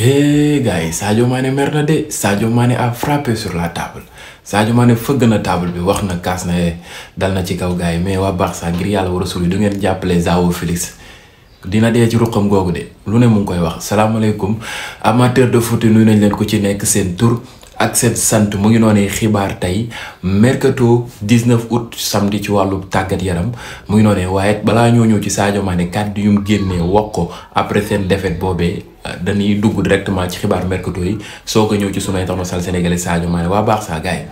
eh gars yi Sadio Mané mer na de Sadio Mané a frappé sur la table Sadio ne fëgg na taable bi wax na kaas na eh, dal na ci kaw gaa yi mais waa Barça ngir yàlla war a sori du ngeen jàppale João Félix dina dee ci ruqam googu de lu ne mu ngi koy wax salaamaaleykum amateur de foot nuyu nañ leen ku ci nekk seen tur. ak seen sant mu ngi noonee xibaar tey mercato 19 août samedi ci wàllu tàggat yaram mu ngi noonee waaye balaa ñoo ñëw ci Sadio Mané kàddu yu mu génnee wax ko après seen défaite boobee euh, dañuy dugg directement ci xibaar mercato yi soo ko ñëw ci sunu international sénégalais Sadio Mané waa baax saa gars yi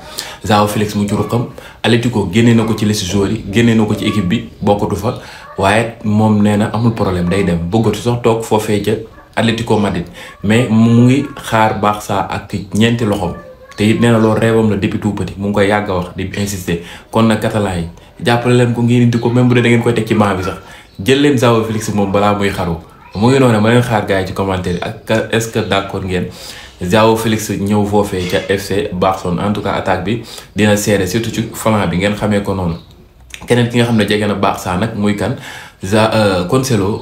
João Félix mu ci ruqam Atlético génnee na ko ci liste joueur yi génnee na ko ci équipe bi bokkatu fa waaye moom nee na amul problème day dem bëggatu sax toog fee ca. Atlético Madrid mais mu ngi xaar baax saa ak ci ñeenti loxoom te it na loolu réewam la depuis tout petit mu ngi koy yàgg a wax di insister kon nag catalan yi jàppale leen ko ngeen di ko même bu dee da ngeen koy teg ci maa bi sax jël leen João Félix moom balaa muy xaru mu ngi noonu ma leen xaar gars yi ci commentaire ak est-ce que d'accord ngeen João Félix ñëw foofee ca FC Barcelone en tout cas attaque bi dina serré surtout ci flanc bi ngeen xamee ko noonu keneen ki nga xam ne jege na baax saa nag muy kan. za euh, Cancelo euh,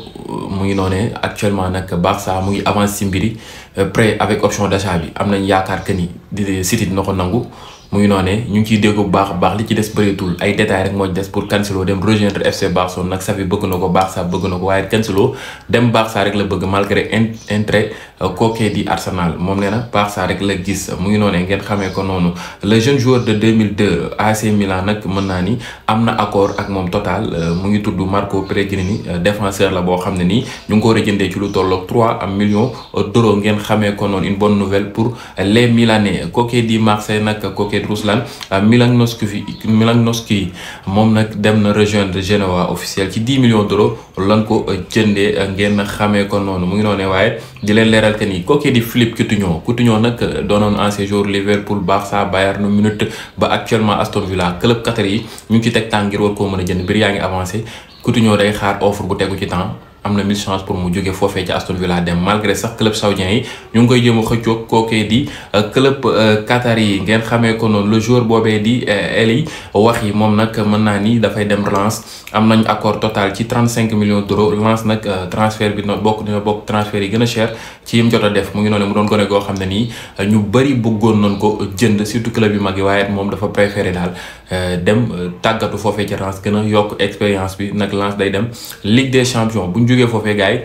mu ngi noonee actuellement nag Barça mu ngi avance ci mbiri euh, prêt avec option d'achat bi am nañ yaakaar que ni di City dina ko nangu mu ngi noonee ñu ngi ci dégg bu baax a baax li ci des bëreetul ay détails rek moo des pour Cancelo dem rejoindre FC Barcelone nag Xavi bëgg na ko Barça bëgg na ko waaye Cancelo dem Barça rek la bëgg malgré intérêt Euh, kookee di Arsenal moom nee na Barça rek la gis mu ngi noonee ngeen xamee ko noonu le jeune joueur de 2002 AC Milan nag mën naa ni am na accord ak moom total euh, mu ngi tudd Marco Pellegrini euh, défenseur la boo xam ne nii ñu ngi ko jëndee ci lu tolloog 3 millions d'euros ngeen xamee ko noonu une bonne nouvelle pour les Milanais kookee di Marseille nag kookee di Ruslan Milankovski Milankovski moom nag dem na rejoindre Genoa officiel ci 10 millions d'euros lan ko jëndee ngeen xamee ko noonu mu ngi noonee waaye di leen leer leeral que ni kooku di Philippe Coutinho Coutinho nag euh, doonoon ancien joueur Liverpool Barça Bayern Munich ba actuellement Aston Villa club Qatar yi ñu ngi ci teg temps ngir war koo mën a jënd mbir yaa ngi avancé Coutinho day xaar offre bu tegu ci temps. am na mille chance pour mu jóge foofee ci Aston Villa dem malgré sax club saoudien yi ñu ngi koy jéem a xëccoog kookee di euh, club euh, Qatar yi ngeen xamee ko noonu le jour boobee di euh, Eli wax yi moom nag mën naa ni dafay dem Lens am nañ accord total ci trente cinq millions d'euros Lens nag transfer bi na bokk dina bokk transfert yi gën a cher ci yim jot a def mu ngi noonu mu doon gone koo xam ne nii ñu bëri bëggoon noonu ko jënd surtout club yu mag yi waaye moom dafa préféré daal Euh, dem euh, tàggatu foofee ca Reims gën a yokk expérience bi nag Lens day dem Ligue des champions bu ñu jógee foofee gars yi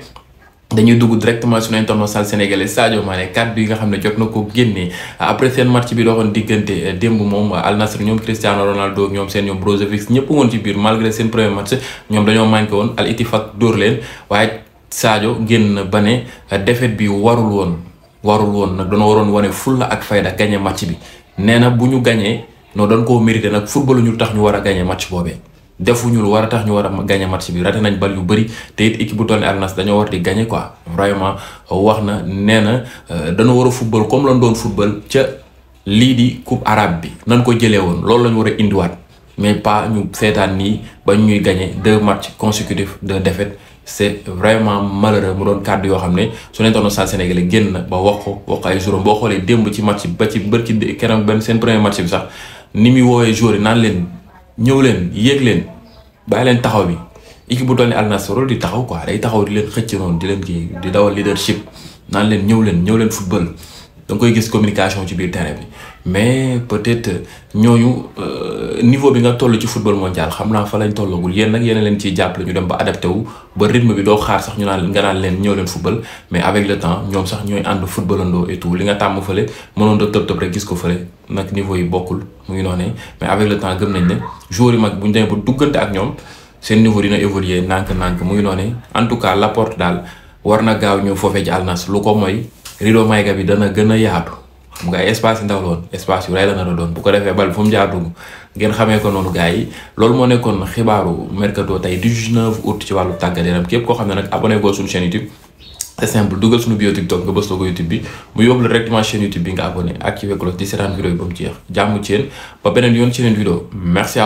dañuy dugg directement suñu international sénégalais Sadio Mané kàddu yi nga xam ne jot na ko génnee après seen match bi doxoon diggante euh, démb moom Al Nassr ñoom Cristiano Ronaldo ñoom seen ñoom Brozovic ñëpp woon ci biir malgré seen premier match ñoom dañoo manqué woon Al Ittifaq dóor leen waaye saajo génn ba ne défaite bi warul woon warul woon nag dañoo waroon wane fulla ak fayda gagné match bi nee na bu ñu gagné. non dañ ko mérité nag football ñu tax ñu war a gagné match boobee defuñu lu war a tax ñu war a gagné match bi raté nañ bal yu bëri te it équipe bu toll ne Al Nassr dañoo war di gagné quoi vraiment wax na nee na euh, dañoo war a football comme lañ doon football ca lii di coupe arabe bi nan ko jëlee woon loolu lañ war a indiwaat mais pas ñu seetaan nii ba ñuy gagné de matchs consécutifs de défaite c'est vraiment malheureux mu doon kàddu yoo xam ne su nekkoon na saa Sénégal génn ba wax ko wax ay juróom boo xoolee démb ci match ba ci bërki keroog benn sax. ni muy woowee joueurs yi naan leen ñëw leen yéeg leen bàyyi leen taxaw bi équipe bu doon ne Al Nassr warul di taxaw quoi day taxaw di leen xëcc noonu di leen kii di dawal leadership naan leen ñëw leen ñëw leen football. da koy gis communication ci biir terrain bi mais peut-être ñooñu euh, niveau bi nga toll ci football mondial xam naa fa lañ tollagul yéen nag yéen leen ci jàppale ñu dem ba adapté wu ba rythme bi doo xaar sax nga naan leen ñëw leen football mais avec le temps ñoom sax ñooy ànd footballandoo et tout li nga tàmm fële mënoon da tëb tëb rek gis ko fële nag niveau yi bokkul mu ngi noonu mais avec le temps gëm nañ ne joueurs yi mag bu ñu demee ba duggante ak ñoom seen niveau dina évoluer nànk-nànk mu ngi noonu en tout cas l'apport daal war na gaaw ñëw foofee ci Al lu ko mooy. rideau mayka bi dana gën a yaatu xam nga ay espace yu ndaw loon espace yu rey la nar a doon bu ko defee bal fu mu jaar dugg ngeen xamee ko noonu gars yi loolu moo nekkoon xibaaru mercato tey 19 août ci wàllu tàggat yaram képp koo xam ne nag abonné goo suñu chaîne YouTube c'est simple dugal suñu bio TikTok nga bës logo YouTube bi mu yóbbu la directement chaîne YouTube bi nga abonné activé cloche di seetaan vidéo yi ba mu jeex jàmm ci ba beneen yoon ci yeneen vidéo merci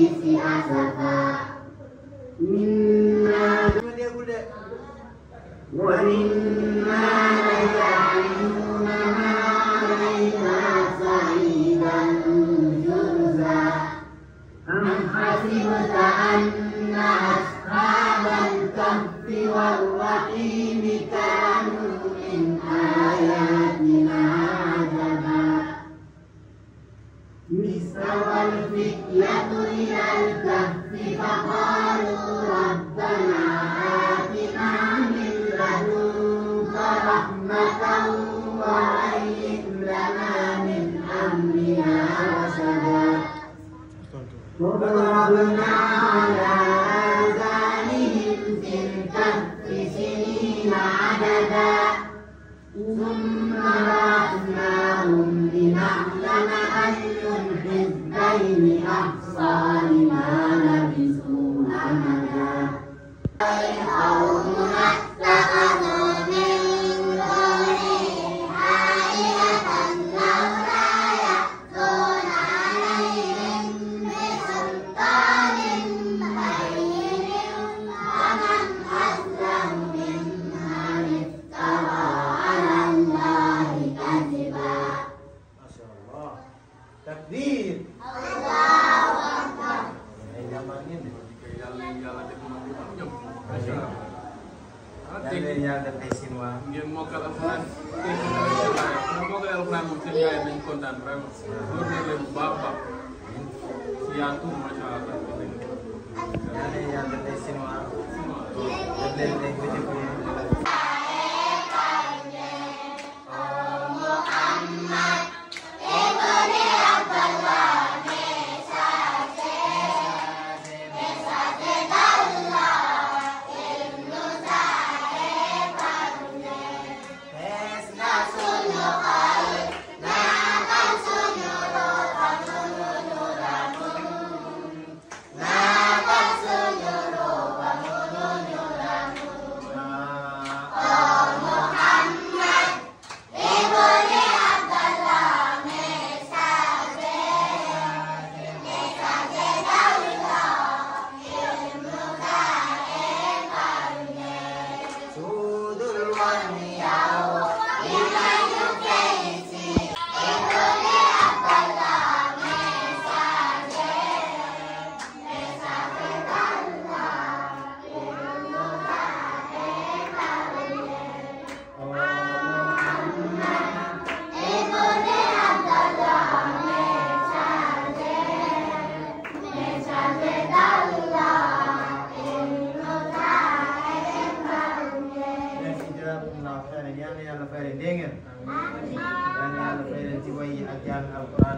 الحديث أسفا مما ومما يجعلون ما علينا سعيدا جرزا أم حسبت أن yàlla yàlla def na ko ñoom ñoom. macha allah. yàlla na yàlla def ay Sinoa. ngeen mokkal alxuraan. tey jii dafay seen yaay ndax mokkal alxuraan moom seen yaay dañu kontaan vraiment. loolu mooy leen bu baax a baax. si yaa tur macha allah. yàlla na yàlla def ay Sinoa. Sinoa def leen ay bëccëg yal na yàlla fay leen dégg ngeen yal na yàlla fay leen ci way yi ak jàng alquran